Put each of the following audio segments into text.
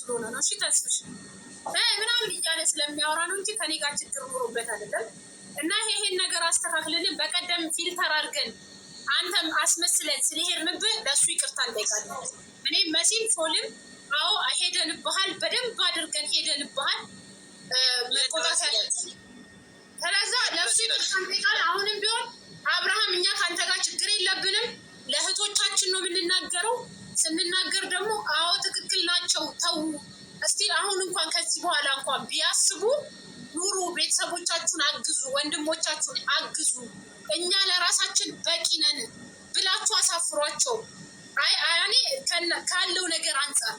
ስለሆነ ነው። እሺ ተስፍሽ ምናምን እያለ ስለሚያወራ ነው እንጂ ከኔ ጋር ችግር ኖሮበት አይደለም። እና ይሄን ነገር አስተካክልልን። በቀደም ፊልተር አድርገን አንተም አስመስለን ስለሄድንብህ ለእሱ ይቅርታ እንጠይቃለን። እኔ መሲም ፎልም አዎ ሄደንብሃል፣ በደንብ አድርገን ሄደንብሃል። መቆጣት ያለ ከለዛ ለእሱ ይቅርታ እንጠይቃለን። አሁንም ቢሆን አብርሃም፣ እኛ ከአንተ ጋር ችግር የለብንም። ለእህቶቻችን ነው የምንናገረው ስንናገር ደግሞ አዎ ትክክል ናቸው። ተዉ እስቲ አሁን እንኳን ከዚህ በኋላ እንኳን ቢያስቡ ኑሩ፣ ቤተሰቦቻችሁን አግዙ፣ ወንድሞቻችሁን አግዙ፣ እኛ ለራሳችን በቂ ነን ብላችሁ አሳፍሯቸው። እኔ ካለው ነገር አንጻር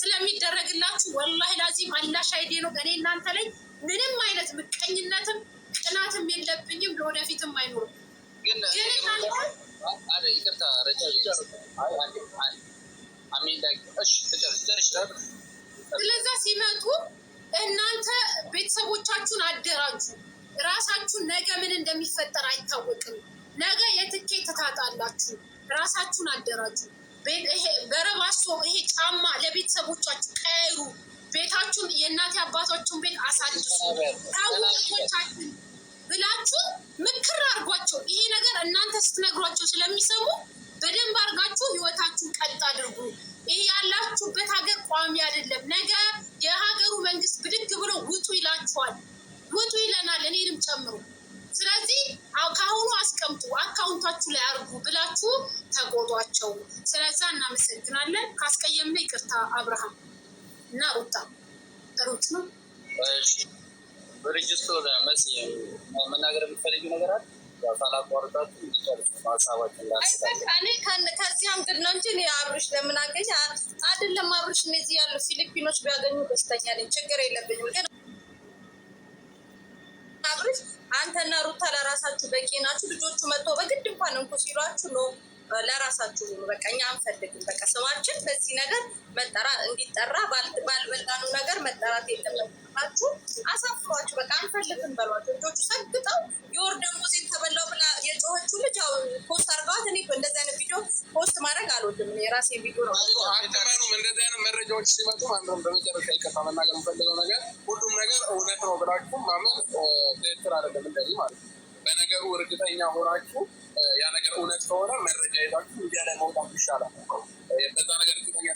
ስለሚደረግላችሁ ወላሂ ላዚም አላ አይዴ ነው። እኔ እናንተ ላይ ምንም አይነት ምቀኝነትም ቅናትም የለብኝም፣ ለወደፊትም አይኖርም። ግን ይቅርታ ስለዛ ሲመጡ እናንተ ቤተሰቦቻችሁን አደራጁ። ራሳችሁን ነገ ምን እንደሚፈጠር አይታወቅም። ነገ የትኬት ትታጣላችሁ። ራሳችሁን አደራጁ። በረባሶ ይሄ ጫማ ለቤተሰቦቻችሁ ቀሩ። ቤታችሁን የእናቴ አባታችሁን ቤት አሳድሱ ታውቆቻችሁ ብላችሁ ምክር አድርጓቸው። ይሄ ነገር እናንተ ስትነግሯቸው ስለሚሰሙ በደንብ አድርጋችሁ ህይወታችሁን ቀጣል ይለናል፣ እኔንም ጨምሮ። ስለዚህ ከአሁኑ አስቀምጡ፣ አካውንታችሁ ላይ አርጉ ብላችሁ ተጎዷቸው። ስለዛ እናመሰግናለን። ካስቀየምነ ይቅርታ። አብርሃም እና ሩታ ሩት ነው በሬጅስተር መስ መናገር የምትፈልጊ ነገር አለ? ከዚህ አንግድ ነው እንጂ አብርሽ ለምን አገኝ አይደለም። አብርሽ እነዚህ ያሉ ፊሊፒኖች ቢያገኙ ደስተኛ ነኝ፣ ችግር የለብኝም። አንተና ሩታ ለራሳችሁ በቂ ናችሁ። ልጆቹ መጥቶ በግድ እንኳን እንኩ ሲሏችሁ ነው ለራሳችሁ ሆኑ። በቃ እኛ አንፈልግም። በቃ ስማችን በዚህ ነገር መጠራ እንዲጠራ ባልበላኑ ነገር መጠራት የለመባችሁ አሳፍሯችሁ በቃ አንፈልግም በሏቸው። ልጆቹ ሰግጠው የወር ደሞዜን ተበላው ብላ የጮኸችው ልጅ ፖስት አርገዋት እኔ እንደዚ አልወድም። የራሴ ቪዲዮ ነው። እንደዚህ አይነት መረጃዎች ሲመጡ ማንም በመጨረሻ ይቀጣ። መናገር የምፈልገው ነገር ሁሉም ነገር እውነት ነው ብላችሁ ማመን ትክክል አይደለም። እንደዚህ ማለት ነው። በነገሩ እርግጠኛ ሆናችሁ ያ ነገር እውነት ከሆነ መረጃ ይዛችሁ ሚዲያ ላይ መውጣት ይሻላል። በዛ ነገር እርግጠኛ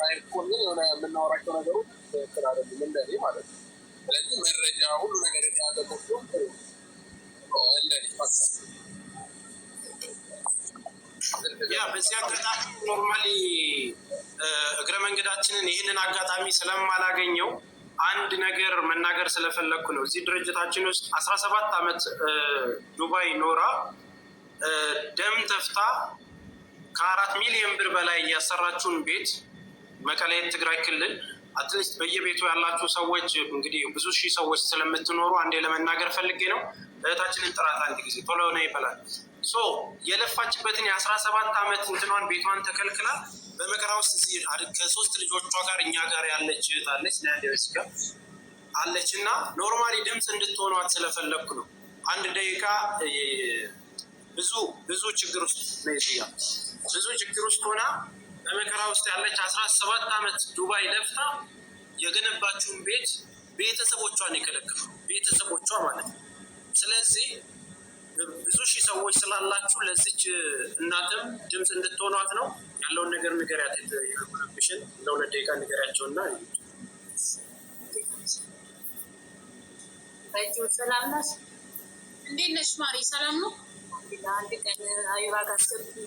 ሳይሆን ግን የሆነ የምናወራቸው ነገሮች ትክክል አይደለም። እንደዚህ ማለት ነው። ስለዚህ መረጃ ሁሉ ነገር የተያዘ እንደዚህ ያ በዚህ አጋጣሚ ኖርማሊ እግረ መንገዳችንን ይህንን አጋጣሚ ስለማላገኘው አንድ ነገር መናገር ስለፈለግኩ ነው። እዚህ ድርጅታችን ውስጥ አስራ ሰባት ዓመት ዱባይ ኖራ ደም ተፍታ ከአራት ሚሊዮን ብር በላይ ያሰራችውን ቤት መቀሌ ትግራይ ክልል አትሊስት በየቤቱ ያላችሁ ሰዎች እንግዲህ ብዙ ሺህ ሰዎች ስለምትኖሩ አንዴ ለመናገር ፈልጌ ነው። እህታችንን ጥራት አንድ ጊዜ ቶሎ ነው ይበላል። ሶ የለፋችበትን የአስራ ሰባት ዓመት እንትኗን ቤቷን ተከልክላ በመከራ ውስጥ እዚህ ከሶስት ልጆቿ ጋር እኛ ጋር ያለች እህት አለች ናያደስ አለች እና ኖርማሊ ድምፅ እንድትሆኗት ስለፈለግኩ ነው። አንድ ደቂቃ ብዙ ብዙ ችግር ውስጥ ነ ብዙ ችግር ውስጥ ሆና በመከራ ውስጥ ያለች አስራ ሰባት ዓመት ዱባይ ለፍታ የገነባችውን ቤት ቤተሰቦቿን የከለከሉ ቤተሰቦቿ ማለት ነው። ስለዚህ ብዙ ሺህ ሰዎች ስላላችሁ ለዚች እናትም ድምፅ እንድትሆኗት ነው ያለውን ነገር ንገሪያት። የኮነሽን ለሁለት ደቂቃ ንገሪያቸውና ሰላም ነሽ? እንዴት ነሽ ማሪ? ሰላም ነው። አንድ ቀን አዩራ ጋር ነበር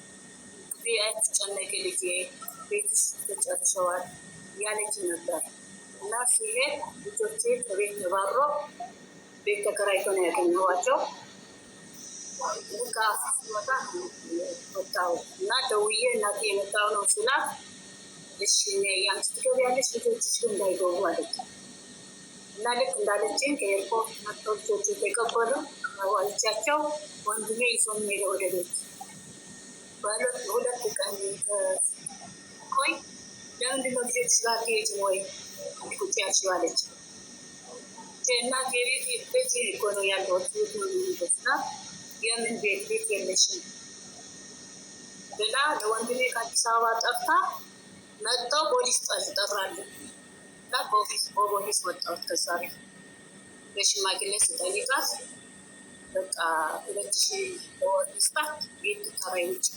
አትጨነቂ ልጄ ቤትሽ ተጨርሰዋል ያለችን ነበር እና ሲሄድ ልጆቼ ከቤት ተባሮ ቤት ተከራይቶ ነው ያገኘኋቸው። ወጣ ወጣሁ እና ደውዬ እናቴ የመጣሁ ነው ስላት፣ እሺ አንቺ ትገቢያለሽ ልጆችሽ እንዳይገቡ አለች እና ልክ እንዳለችን ከኤርፖርት መጥተው ልጆች የተቀበሉ ዋልቻቸው ወንድሜ ይዞ ሄደ ወደ ቤት ሁለት ቀን ቆይ ለምንድነው ልጆች ጋር ትሄጂ ወይ ቁጭ ያልሽው እና ቤት ቤት እኮ ነው ያለሁት ቤት የምን ቤት ቤት የለሽም ብላ ለወንድሜ ከአዲስ አበባ ጠፍታ መጥተው ፖሊስ ጠራለሁ እና በፖሊስ ወጣሁት። ከዛ ቤት በሽማግሌ ስጠይቃት በቃ ሁለት ሺህ ስታት ቤት ተከራይ ውጭ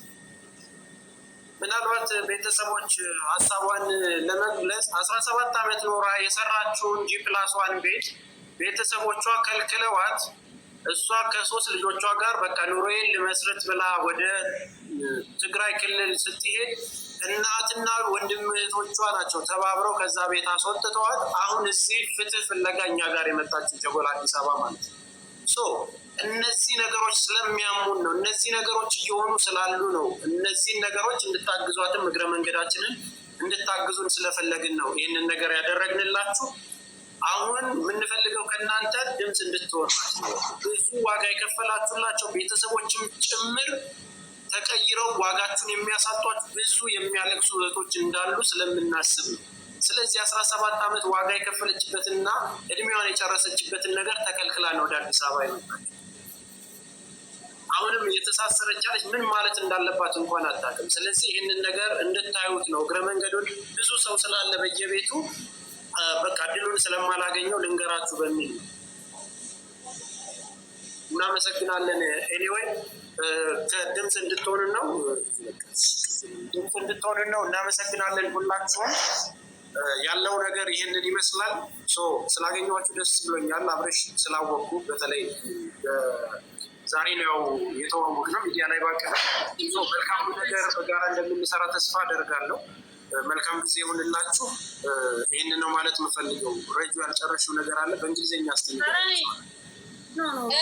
ምናልባት ቤተሰቦች ሀሳቧን ለመግለጽ አስራ ሰባት ዓመት ኖራ የሰራችውን ጂ ፕላስዋን ቤት ቤተሰቦቿ ከልክለዋት እሷ ከሶስት ልጆቿ ጋር በቃ ኑሮዬን ልመስረት ብላ ወደ ትግራይ ክልል ስትሄድ እናትና ወንድም እህቶቿ ናቸው ተባብረው ከዛ ቤት አስወጥተዋት። አሁን እዚህ ፍትህ ፍለጋ እኛ ጋር የመጣችው ጀጎል አዲስ አበባ ማለት ነው። እነዚህ ነገሮች ስለሚያሙን ነው። እነዚህ ነገሮች እየሆኑ ስላሉ ነው። እነዚህን ነገሮች እንድታግዟትም እግረ መንገዳችንን እንድታግዙን ስለፈለግን ነው ይህንን ነገር ያደረግንላችሁ። አሁን የምንፈልገው ከእናንተ ድምፅ እንድትሆናችሁ ብዙ ዋጋ የከፈላችሁላቸው ቤተሰቦችም ጭምር ተቀይረው ዋጋችሁን የሚያሳጧችሁ ብዙ የሚያለቅሱ እህቶች እንዳሉ ስለምናስብ ነው። ስለዚህ አስራ ሰባት ዓመት ዋጋ የከፈለችበትንና እድሜዋን የጨረሰችበትን ነገር ተከልክላ ነው ወደ አዲስ አበባ ይመጣል። አሁንም የተሳሰረች አለች። ምን ማለት እንዳለባት እንኳን አታውቅም። ስለዚህ ይህንን ነገር እንድታዩት ነው። እግረ መንገዱን ብዙ ሰው ስላለ በየቤቱ በቃ ድሉን ስለማላገኘው ልንገራችሁ በሚል ነው። እናመሰግናለን። ኤኒዌይ ከድምፅ እንድትሆን ነው ድምፅ እንድትሆን ነው። እናመሰግናለን ሁላችሁም። ያለው ነገር ይህንን ይመስላል። ስላገኘኋችሁ ደስ ብሎኛል። አብረሽ ስላወቅኩ በተለይ ዛሬ ነው የተዋወቅ ነው ሚዲያ ላይ ባቀ መልካም ነገር በጋራ እንደምንሰራ ተስፋ አደርጋለሁ። መልካም ጊዜ ይሁንላችሁ። ይህን ነው ማለት የምፈልገው። ረጁ ያልጨረሽው ነገር አለ በእንግሊዝኛ አስተምር አንድ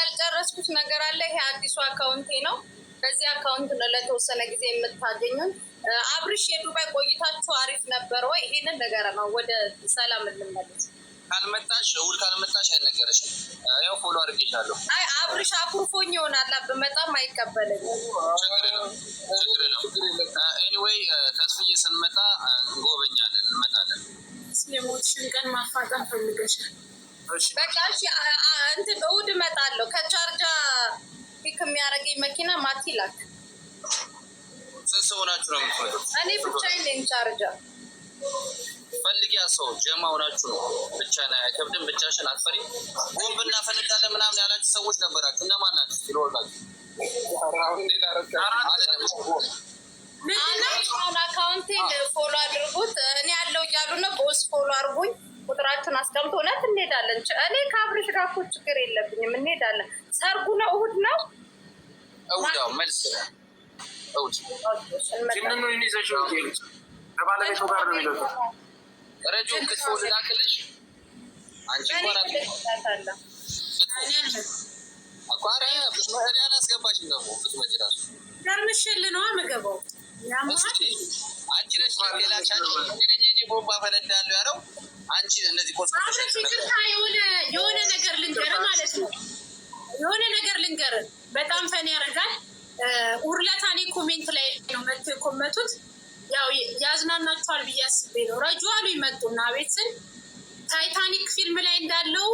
ያልጨረስኩት ነገር አለ። ይሄ አዲሱ አካውንቴ ነው። በዚህ አካውንት ነው ለተወሰነ ጊዜ የምታገኙን አብርሽ የዱባይ ቆይታችሁ አሪፍ ነበር ወይ? ይሄንን ነገር ነው ወደ ሰላም እንመለስ። ካልመጣሽ እሑድ ካልመጣሽ አይነገረሽም። ያው ፎሎ አድርጌሻለሁ። አይ አብርሽ አኩርፎኝ ይሆናል ብመጣም አይቀበለኝም። ችግር ነው ኤኒዌይ ተስፍዬ ስንመጣ እንጎበኛለን፣ እንመጣለን። የሞትሽን ቀን ማፋጠን ፈልገሻል። በቃ እሺ፣ እንትን እሑድ እመጣለሁ። ከቻርጃ ፒክ የሚያደርገኝ መኪና ማቲላክ ስንት ሰው ሆናችሁ ነው የምትመጡት? እኔ ብቻዬን ነኝ። ቻርጃ ፈልጊያ ሰው ጀማ ሆናችሁ ነው ብቻ ላይ ከብድን ብቻሽን አትፈሪ ቦምብ እናፈነዳለን ምናምን ያላችሁ ሰዎች ነበራችሁ። እነማን ናችሁ? አካውንቴን ፎሎ አድርጉት። እኔ ያለው እያሉ ነው። በውስጥ ፎሎ አድርጉኝ። ቁጥራችን አስቀምጦ እውነት እንሄዳለን። እኔ ከአብሬሽ ጋር እኮ ችግር የለብኝም። እንሄዳለን። ሰርጉ ነው እሑድ ነው እሑድ መልስ ትንኑን ከባለቤቱ ጋር ነው የሚለው ረጁ ክትፎ አንቺ ቆራጥ አቋረ አላስገባሽ ራሱ ነው አንቺ ነሽ ቦምባ ፈነዳለሁ ያለው አንቺ። እነዚህ የሆነ ነገር ልንገር ማለት ነው። የሆነ ነገር ልንገር በጣም ፈን ያደርጋል ሁለታ እኔ ኮሜንት ላይ ነው መጥቶ የኮመቱት። ያው ያዝናናችኋል ብዬ አስቤ ነው። ረጁ አሉ ይመጡና ቤትን ታይታኒክ ፊልም ላይ እንዳለው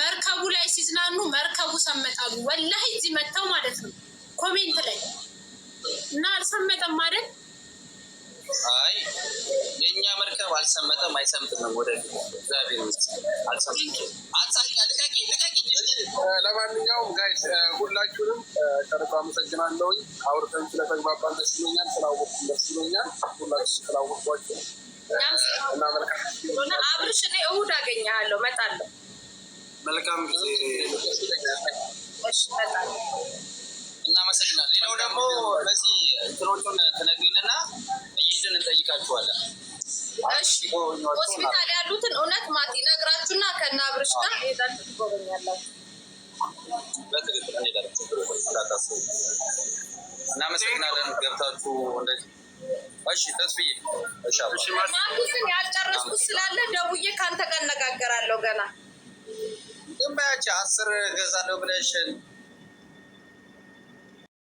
መርከቡ ላይ ሲዝናኑ መርከቡ ሰመጣሉ። ወላሂ እዚህ መጥተው ማለት ነው ኮሜንት ላይ እና አልሰመጠም ማለት አይ የእኛ መርከብ አልሰመጠም፣ አይሰምጥም። ወደ እግዚአብሔር አልሰምጥም። ለማንኛውም ጋይስ ሁላችሁንም ከርባ አመሰግናለሁ። አውርተን ስለተግባባን ደስ ይለኛል። ስላወቁ ደስ ይለኛል። ሁላችሁ እና መልካም አብርሽ እኔ እሑድ አገኘሃለሁ፣ እመጣለሁ። መልካም ጊዜ። እናመሰግናለን። ሌላው ደግሞ በዚህ እንትኖቹን ትነግሪንና እይድን እንጠይቃችኋለን። ሆስፒታል ያሉትን እውነት ማት ነግራችሁና ከነ አብርሽ ጋር ሄዳችሁ ትጎበኛላችሁ። በትክክል እንሄዳለን። እንዳታስቡ። እናመሰግናለን። ገብታችሁ እንደዚህ እሺ። ተስፍዬ ማርኩስን ያልጨረስኩት ስላለ ደውዬ ካንተ ጋር እነጋገራለሁ። ገና ግንባያቸው አስር ገዛለሁ ብለሽን